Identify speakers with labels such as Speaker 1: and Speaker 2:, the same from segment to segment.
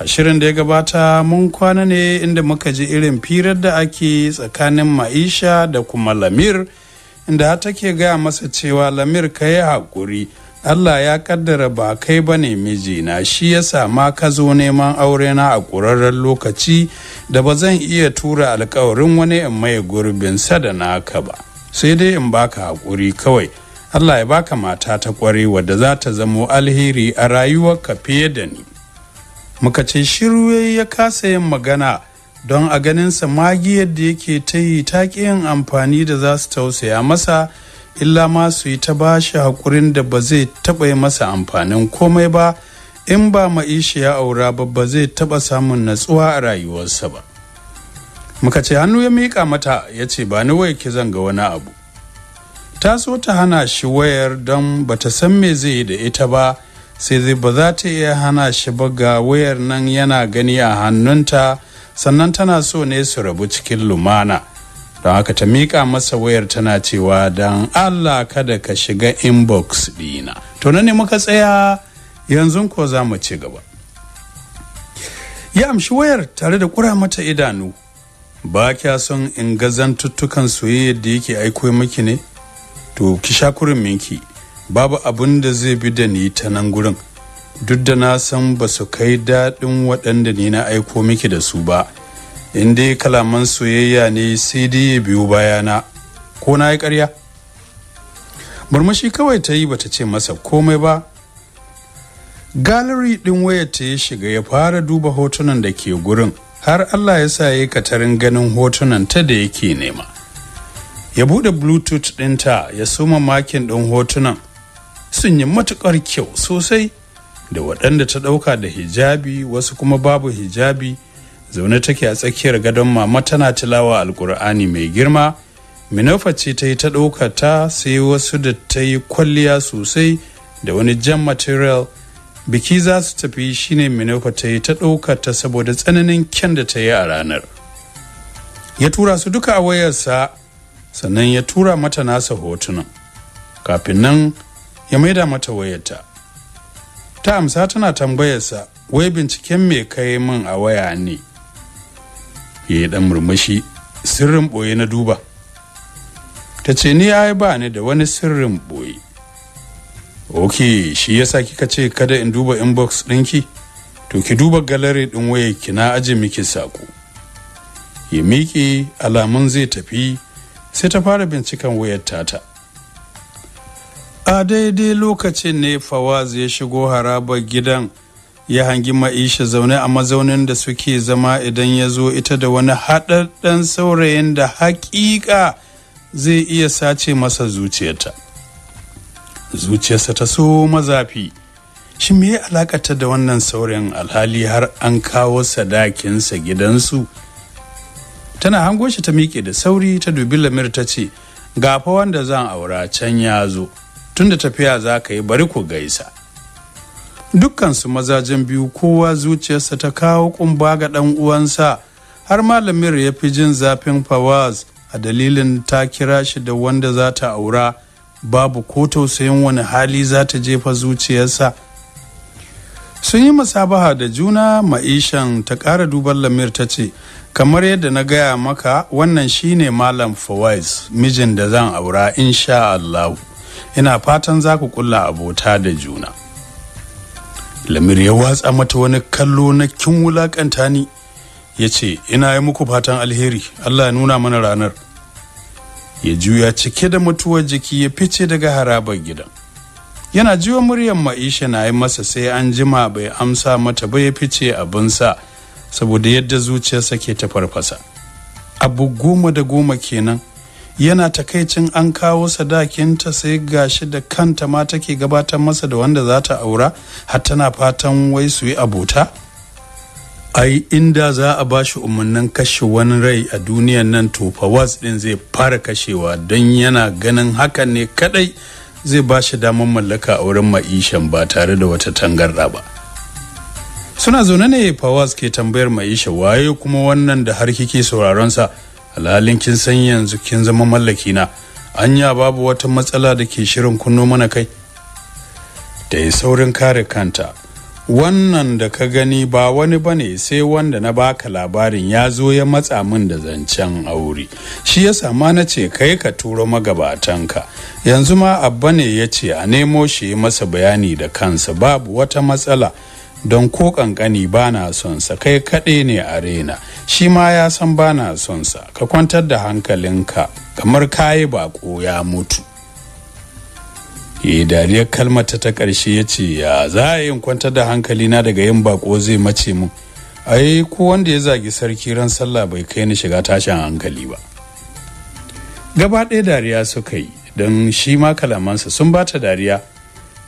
Speaker 1: a shirin da ya gabata mun kwana ne inda muka ji irin firar da ake tsakanin maisha da kuma lamir inda take gaya masa cewa lamir ka yi haƙuri allah ya kaddara ba kai ba ne na shi ya sama ka zo neman aure na a ƙurarren lokaci da ba zan iya tura alkawarin wani in mai gurbin da naka ba sai dai in baka haƙuri kawai allah ya baka mata ta ƙware wadda za ta zamo alheri a ka fiye da ni muka ce shiru yayi ya kasa yin magana don a ganinsa magi yadda yake ta yi ta yin amfani da za su tausaya masa illa ma su yi ta shi haƙurin da ba zai taɓa yi masa amfanin komai ba in ba ma'ishi ya aura ba ba zai taɓa samun natsuwa a rayuwarsa ba muka ce hannu ya miƙa mata ya ce ba ni wai ki zanga wani abu ta so ta hana shi wayar don ba ta san me zai yi da ita ba sai zai ba za ta iya hana shi ba ga wayar nan yana gani a hannunta sannan tana so ne su rabu cikin lumana don haka ta miƙa masa wayar tana cewa don allah kada ka shiga inbox dina to na ne muka tsaya yanzu ko za mu ci gaba ya amshi wayar tare da kura mata idanu ba kya son in ga zantuttukan soyayyar da yake aiko miki ne to ki sha kurin minki babu abin da zai bi da ni ta nan gurin duk da na san ba su kai daɗin waɗanda ni na aiko miki da su ba in dai kalaman soyayya ne sai dai ya biyo bayana ko na yi ƙarya murmushi kawai ta yi bata ce masa komai ba galeri ɗin wayar ta ya shiga ya fara duba hotunan da ke gurin har allah ya sa ya katarin ganin hotunan ta da yake nema ya buɗe bluetooth ɗinta ya suma makin ɗin hotunan sun yi matukar kyau sosai da waɗanda ta ɗauka da hijabi wasu kuma babu hijabi zaune take a tsakiyar gadon mama tana tilawa alkur'ani mai girma minofa ce ta yi ta ɗauka ta sai wasu da ta yi kwalliya sosai da wani jan material biki za su tafi shine minofa ta yi ta ɗauka ta saboda tsananin kyan da ta yi a ranar ya tura su duka a wayarsa sannan ya tura mata nasa hotunan kafin nan ya maida mata wayarta ta amsa tana tambayarsa wai binciken me kai min a waya ne ya yi dan murmushi sirrin ɓoye na duba ta ce ni ya ba ni da wani sirrin ɓoye ok shi yasa kika ce kada in duba inbox ɗinki to ki duba galare ɗin waya ki na aje miki sako ya miƙe alamun zai tafi sai ta fara binciken wayar tata a daidai lokacin ne fawaz ya shigo harabar gidan ya hangi ma'isha zaune a mazaunin da suke zama idan ya zo ita da wani haɗaɗɗen saurayin da haƙiƙa zai iya sace masa zuciyarta zuciyarsa ta so mazafi shi me alakata da wannan saurayin alhali har an kawo sadakinsa gidansu tana hango shi ta miƙe da sauri ta dubi lamir ta ce ga wanda zan aura can ya zo tunda tafiya za ka yi bari ku gaisa dukkansu mazajen biyu kowa zuciyarsa ta kawo kumba ga ɗan uwansa har malamir ya fi jin zafin fawaz a dalilin ta kira shi da wanda za ta aura babu ko tausayin wani hali za ta jefa zuciyarsa sun yi musabaha da juna ma'ishan ta ƙara duban lamir ta ce kamar yadda na gaya maka wannan shine malam fawaz mijin da zan aura insha allahu ina fatan za ku kulla abota da juna lamir ya watsa mata wani kallo na kin wulakanta ni ya ce ina yi muku fatan alheri allah ya nuna mana ranar ya juya cike da mutuwar jiki ya fice daga harabar gidan yana jiwa muryar ma'isha na yi masa sai an jima bai amsa mata ba ya fice sa, saboda yadda zuciyarsa ke ta farfasa abu goma da goma kenan yana takaicin an kawo sadakinta sai gashi da kanta ma take gabatar masa da wanda za ta aura har tana fatan wai su yi abota ai inda za a ba shi umarnin kashe wani rai a duniyan nan to fawaz din zai fara kashewa don yana ganin hakan ne kadai zai ba shi damar mallaka a wurin ma'ishan ba tare da wata tangarda ba suna zaune ne fawaz ke tambayar ma'isha waye kuma wannan da har kike sauraron sa alhalin kin san yanzu kin zama mallaki na anya babu wata matsala da ke shirin kunno mana kai da yi saurin kare kanta wannan da ka gani ba wani bane sai wanda na baka labarin ya zo ya matsa min da zancen aure shi ya sama na ce kai ka turo ka yanzu ma abba ne ya ce a nemo shi masa bayani da kansa babu wata matsala don ko kankani ba na son sa kai kaɗai ne a rena shi ma ya san bana son sa ka kwantar da hankalinka kamar kayi bako ya mutu e dariyar kalmar ta ta ƙarshe ya ce ya za a yin kwantar da hankali na daga yin bako zai mace mu ai ko wanda ya zagi sarki ran sallah bai kai ni shiga tashin hankali ba gaba ɗaya dariya suka yi don shi ma kalamansa sun bata dariya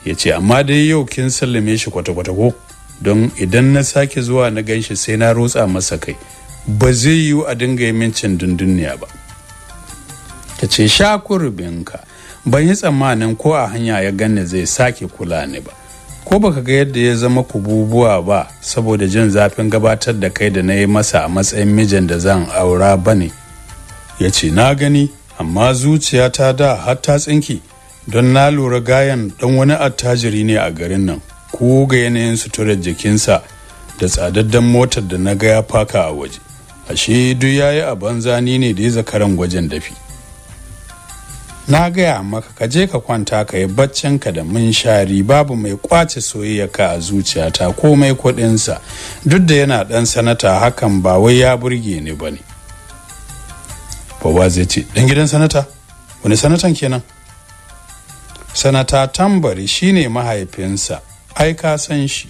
Speaker 1: ya ce amma dai yau kin sallame shi kwata-kwata ko don idan na sake zuwa na ganshi sai na rotsa masa kai ba zai yiwu a dinga yi min dundunniya ba ta ce sha kurbinka ban yi tsammanin ko a hanya ya ganni zai sake kula ni ba ko baka ga yadda ya zama kububuwa ba saboda jin zafin gabatar da kai da na yi masa a matsayin mijin da zan aura ba ne ya ce na gani amma zuciyata da har ta tsinki don na lura gayan don wani attajiri ne a garin nan ko ga yanayin suturar jikinsa da tsadaddan motar da na gaya faka a waje ashe duk ya yi a banza ni ne da ya zakaran gwajin dafi na gaya maka ka je ka kwanta ka yi ka da mun shari babu mai kwace ka a zuciyata komai kuɗinsa duk da yana dan sanata hakan ba wai ya burge ni ba ne Fawaz zai ce dan gidan sanata wani sanatan kenan sanata tambari shine mahaifinsa ai ka san shi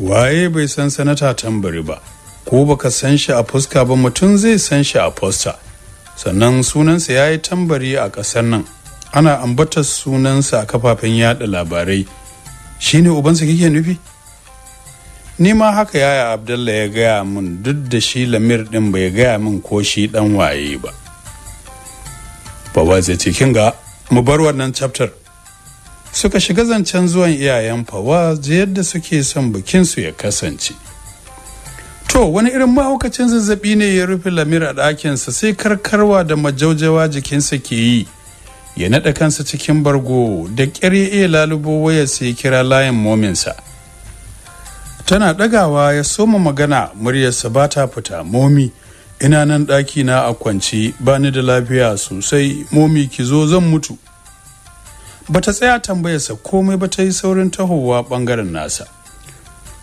Speaker 1: waye bai san sanata tambari ba ko baka san shi a fuska ba mutum zai san shi a fosta sannan sunansa ya yi tambari a ƙasar nan ana ambatar sunansa a kafafen yada labarai shine ubansa kike nufi ni ma haka yaya abdallah ya gaya min duk da shi lamir din bai gaya min ko shi dan waye ba fawaz ya ce ga. mu bar wannan chapter suka shiga zancen zuwan iyayen fawaz yadda suke son bikin su ya kasance To wani irin mahaukacin zazzabi ne ya rufe lamir a ɗakinsa sai karkarwa da majaujawa jikinsa ke yi. Ya naɗa kansa cikin bargo da ƙyar ya iya lalubo wayarsa ya kira layin mominsa. Tana ɗagawa ya soma magana muryarsa ba ta fita momi ina nan ɗaki na a kwance ba ni da lafiya sosai momi ki zo zan mutu. Bata tsaya tambayarsa komai ba ta yi saurin tahowa ɓangaren nasa.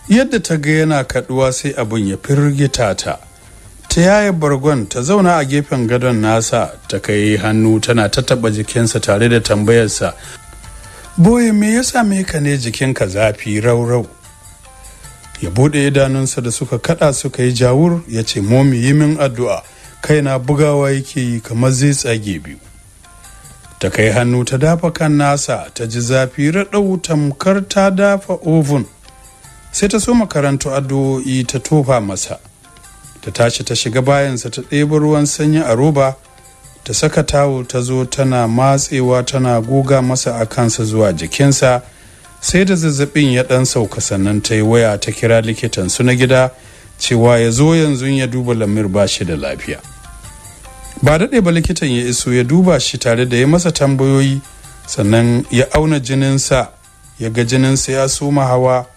Speaker 1: yadda ta ga yana kaduwa sai abin ya firgita ta ta yaya bargon ta zauna a gefen gadon nasa ta kai hannu tana ta taba jikinsa tare da tambayarsa boye me ya same ka ne jikinka zafi raurau ya bude idanunsa da suka kada suka yi jawur ya ce momi yi min addu'a kaina bugawa yake yi kamar zai tsage biyu ta kai hannu ta dafa kan nasa ta ji zafi raɗau tamkar ta dafa ovun sai ta so makarantu addu'o'i ta tofa masa ta tashi ta shiga bayansa ta ɗebi ruwan sanyi a roba ta saka tawul ta zo tana matsewa tana goga masa a kansa zuwa jikinsa sai da zazzabin ya ɗan sauka sannan ta yi waya ta kira likitan su na gida cewa ya zo yanzu ya duba lamir ba shi da lafiya ba daɗe ba likitan ya iso ya duba shi tare da ya masa tambayoyi sannan ya auna jininsa ya ga jininsa ya soma hawa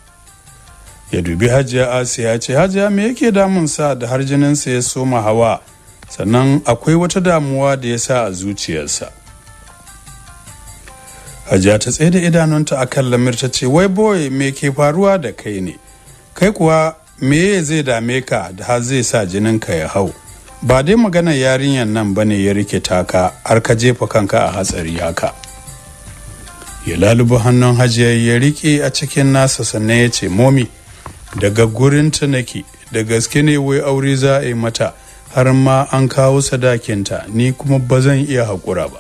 Speaker 1: ya dubi hajiya asiya ce hajiya me yake damun sa da har jininsa ya soma hawa sannan akwai wata damuwa da ya sa a zuciyarsa hajiya ta tsaye da idanunta a kan lamir ta ce wai boye me ke faruwa da kai ne kai kuwa me zai dame ka da har zai sa jininka ya hau ba dai magana yarinyar nan bane ya rike taka har ka jefa kanka a hatsari haka ya lalubu hannun hajiya ya rike a cikin nasa sannan ya ce momi daga gurin ta nake da gaske ne wai aure za a yi mata har ma an kawo sadakinta ni kuma ba zan iya haƙura ba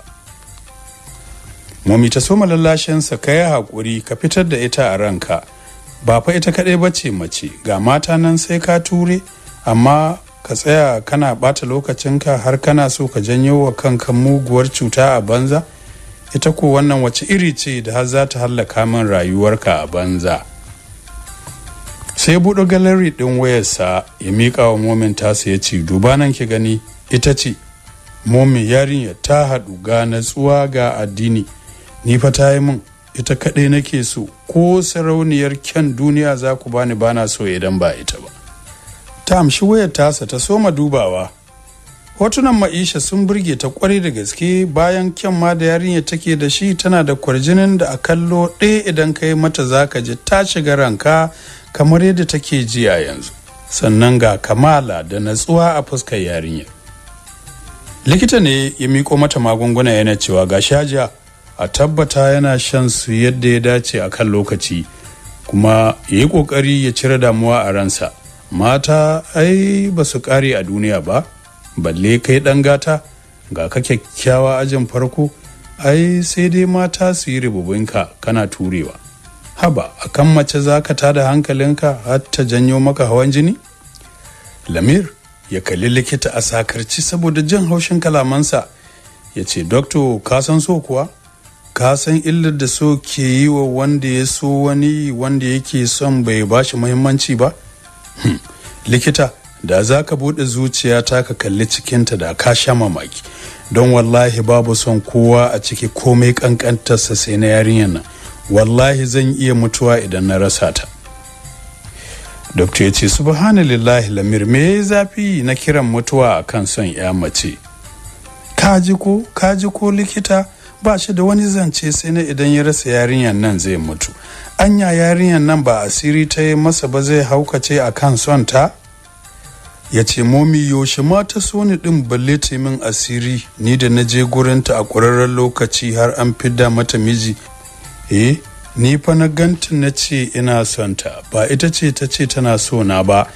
Speaker 1: mami ta soma lallashinsa ka yi haƙuri ka fitar da ita a ranka ba fa ita kaɗai ba ce mace ga mata nan sai ka ture amma ka tsaya kana ɓata lokacinka har kana so ka janyo wa kanka muguwar cuta a banza ita ko wannan wace iri ce da har za ta hallaka min rayuwarka a banza sai ya buɗe galeri ɗin wayarsa ya miƙa wa momin tasa ya ce duba nan ki gani ita ce momin yarinya ta haɗu ga natsuwa ga addini ni fa ta yi min ita kaɗai nake so ko sarauniyar kyan duniya za ku bani bana so idan ba ita ba ta amshi wayar tasa ta soma dubawa hotunan ma'isha sun burge ta kwarai da gaske bayan kyan ma da yarinya take da shi tana da kwarjinin da a kallo ɗaya idan ka yi mata ka ji ta shiga ranka kamar yadda take ji a yanzu sannan ga kamala da natsuwa a fuskar yarinyar likita ne ya miko mata magunguna yana cewa ga shaja a tabbata yana shan su yadda ya dace a kan lokaci kuma ya yi ƙoƙari ya cire damuwa a ransa mata ai ba su kare a duniya ba balle kai ɗan gata ga ka kyakkyawa ajin farko ai sai dai mata su yi ribubinka kana turewa haba a kan mace za ka tada hankalinka har ta janyo maka hawan jini lamir ya kalli likita a sakarci saboda jin haushin kalamansa ya ce dokto ka san so kuwa ka san illar da so ke yi wa wanda ya so wani wanda yake son bai bashi muhimmanci ba hmm. likita da za ka buɗe zuciya ta ka kalli cikinta da ka sha mamaki don wallahi babu son kowa a ciki komai kankantarsa sai na yarinyar nan wallahi zan iya mutuwa idan na rasa ta dokta ya ce subhanallahi lamir me zafi na kiran mutuwa a kan son ya mace kaji ko kaji ko likita ba shi da wani zance sai na idan ya rasa yarinyar nan zai mutu anya yarinyar nan ba asiri ta yi masa ba zai haukace a kan son ta ya ce momi yaushe mata ta so ni din balle ta min asiri ni da na je gurinta a ƙwararren lokaci har an fidda mata miji eh ni fa na ganta na ce ina son ta ba ita ce ta ce tana so na ba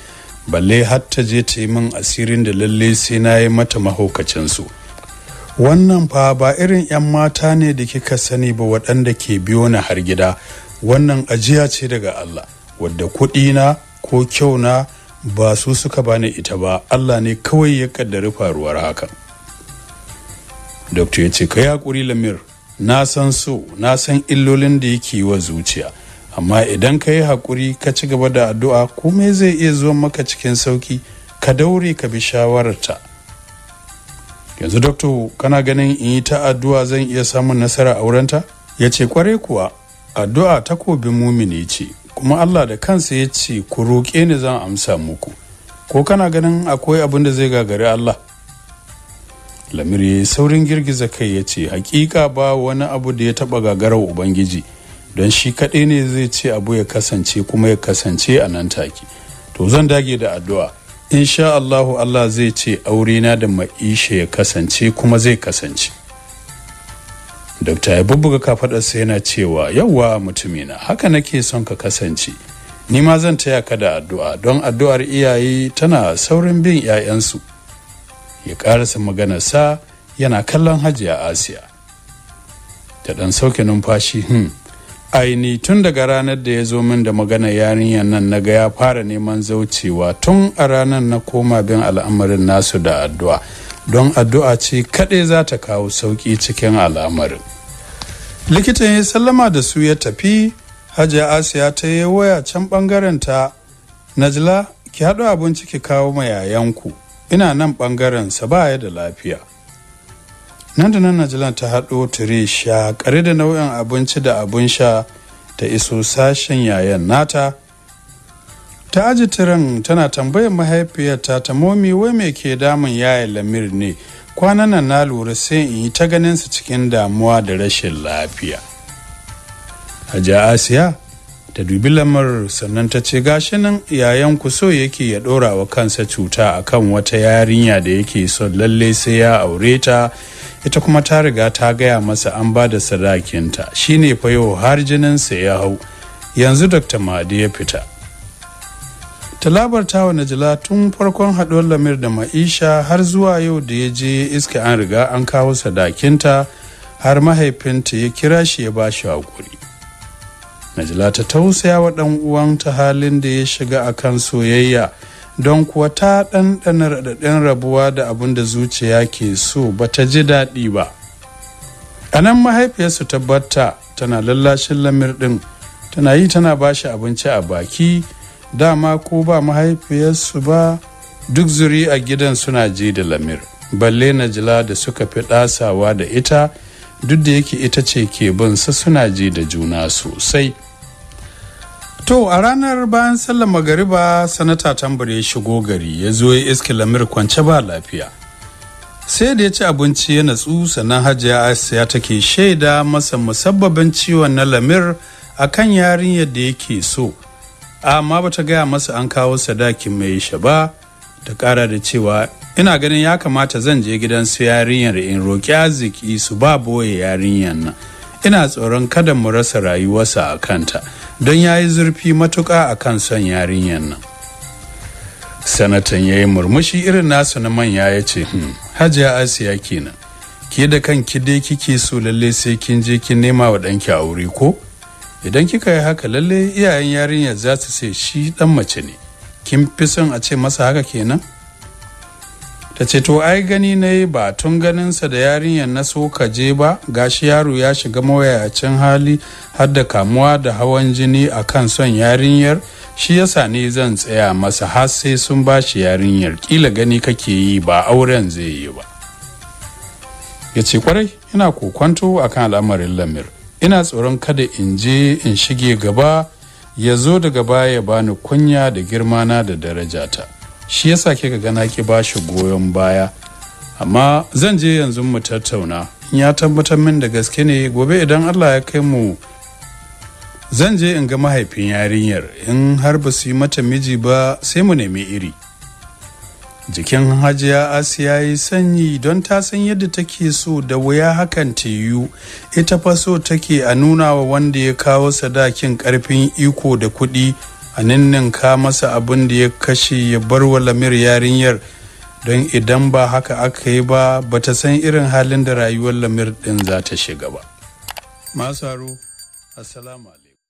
Speaker 1: balle har ta je ta yi min asirin da lalle sai na yi mata mahaukacin su wannan fa ba irin 'yan mata ne da kika sani ba waɗanda ke biyo ni har gida wannan ajiya ce daga Allah wadda kuɗi na ko kyau na ba su suka bani ita ba Allah ne kawai ya kaddari faruwar hakan Dokta ya ce kai haƙuri lamir na san so na san illolin da yake wa zuciya amma idan ka yi haƙuri ka ci gaba da addu'a komai zai iya zuwa maka cikin sauki ka daure ka bi shawararta yanzu doktor kana ganin in yi ta addu'a zan iya samun nasara a wurinta ya ce kwarai kuwa addu'a ta kobi mumini ce kuma allah da kansa ya ce ku roƙe ni zan amsa muku ko kana ganin akwai abin da zai gagari allah lamiri saurin girgiza kai ya ce hakika ba wani abu da ya taba gagarar ubangiji don shi kaɗai ne zai ce abu ya kasance kuma ya kasance a nan take to zan dage da addu'a insha Allahu Allah zai ce aure na da ma'isha ya kasance kuma zai kasance dokta ya bubbuga kafaɗarsa yana cewa yawwa mutumina haka nake son ka kasance ni ma zan taya ka da addu'a don addu'ar iyaye tana saurin bin 'ya'yansu ya karasa sa yana kallon hajiya asiya ta dan sauke numfashi hmm. aini tun daga ranar da ya zo min da magana yarinyar nan na ga ya fara neman zaucewa tun a ranar na koma bin al'amarin nasu da addu'a don addu'a ce kaɗai za ta kawo sauki cikin al'amarin likitan ya sallama da su ya tafi hajiya asiya ta yi waya can bangaren ta najla ki haɗu abinci ki kawo ma yayanku ina nan ɓangaren sa baya da lafiya nan da nan najilan ta haɗo sha, kare da nau'in abinci da abin sha ta iso sashen yayan nata ta aji tiran tana tambayar mahaifiyarta ta momi wai me ke damun yaya lamir ne kwanan nan na lura sai in yi ta ganin cikin damuwa da rashin lafiya ja asiya ta dubi lamar sannan ta ce gashi nan yayan ku so yake ya dora wa kansa cuta a kan wata yarinya da yake son lalle sai ya aure ta ita kuma ta riga ta gaya masa an ba da sadakinta shine fa yau har jininsa ya hau yanzu dr madi ya fita talabar tawa najila tun farkon haɗuwar lamir da ma'isha har zuwa yau da ya je iska an riga an kawo sadakinta har mahaifinta ya kira shi ya ba shi haƙuri najila ta tausaya wa ɗan uwanta halin da ya shiga a kan soyayya don kuwa ta ɗanɗana raɗaɗin rabuwa da abin da zuciya ke so ba ta ji daɗi ba a nan mahaifiyarsu tabbata tana lallashin lamir ɗin tana yi tana ba shi abinci a baki dama ko ba mahaifiyarsu ba duk zuri a gidan suna ji da lamir balle najila da suka fi ɗasawa da ita duk da yake ita ce ke bin su suna ji da juna sosai to a ranar bayan sallar magariba sanata ya shigo gari ya zo ya iske lamir kwance ba lafiya sai da ya ci abinci ya natsu sannan hajiya asiya take shaida masa musabbabin ciwon na lamir a kan yarinyar da yake so amma bata gaya masa an kawo sadaki mai shaba ba ta kara da cewa ina ganin ya kamata zan je gidan su yarinyar in roƙi arziki su ba boye yarinyar nan ina tsoron kada mu rasa rayuwarsa a kanta don ya yi zurfi matuƙa a kan son yarinyar nan sanatan ya yi murmushi irin nasu na manya ya ce hmm, hajiya asiya kenan ke da kanki dai kike so lalle sai kin je kin nema wa ɗanki wuri, ko idan kika yi haka lalle iyayen yarinyar za su ce shi ɗan mace ne kin fi son a ce masa haka kenan ta ce to ai gani na yi ba tun ganinsa da yarinyar na so ka je ba gashi yaro ya shiga mawayacin hali har da kamuwa da hawan jini a kan son yarinyar shi yasa ne zan tsaya masa har sai sun ba shi yarinyar kila gani kake yi ba auren zai yi ba ya ce kwarai ina kokwanto akan al'amarin lamir ina tsoron kada in je in shige gaba ya zo daga baya bani kunya da girmana da darajata. shi yasa ke ga ke ba shi goyon baya amma zan je yanzu mu tattauna in ya tabbatar min da gaske ne gobe idan Allah ya kai mu zan je in ga mahaifin yarinyar in har ba su yi mata miji ba sai mu nemi iri jikin hajiya asiya yi sanyi don ta san yadda take so da wuya hakan ta yiwu ita fa so take a nuna wa wanda ya kawo sadakin karfin iko da kuɗi a ninninka masa abin da ya kashe ya bar wa lamir yarinyar don idan ba haka aka yi ba ba ta san irin halin da rayuwar lamir din za ta shiga ba. Masaru,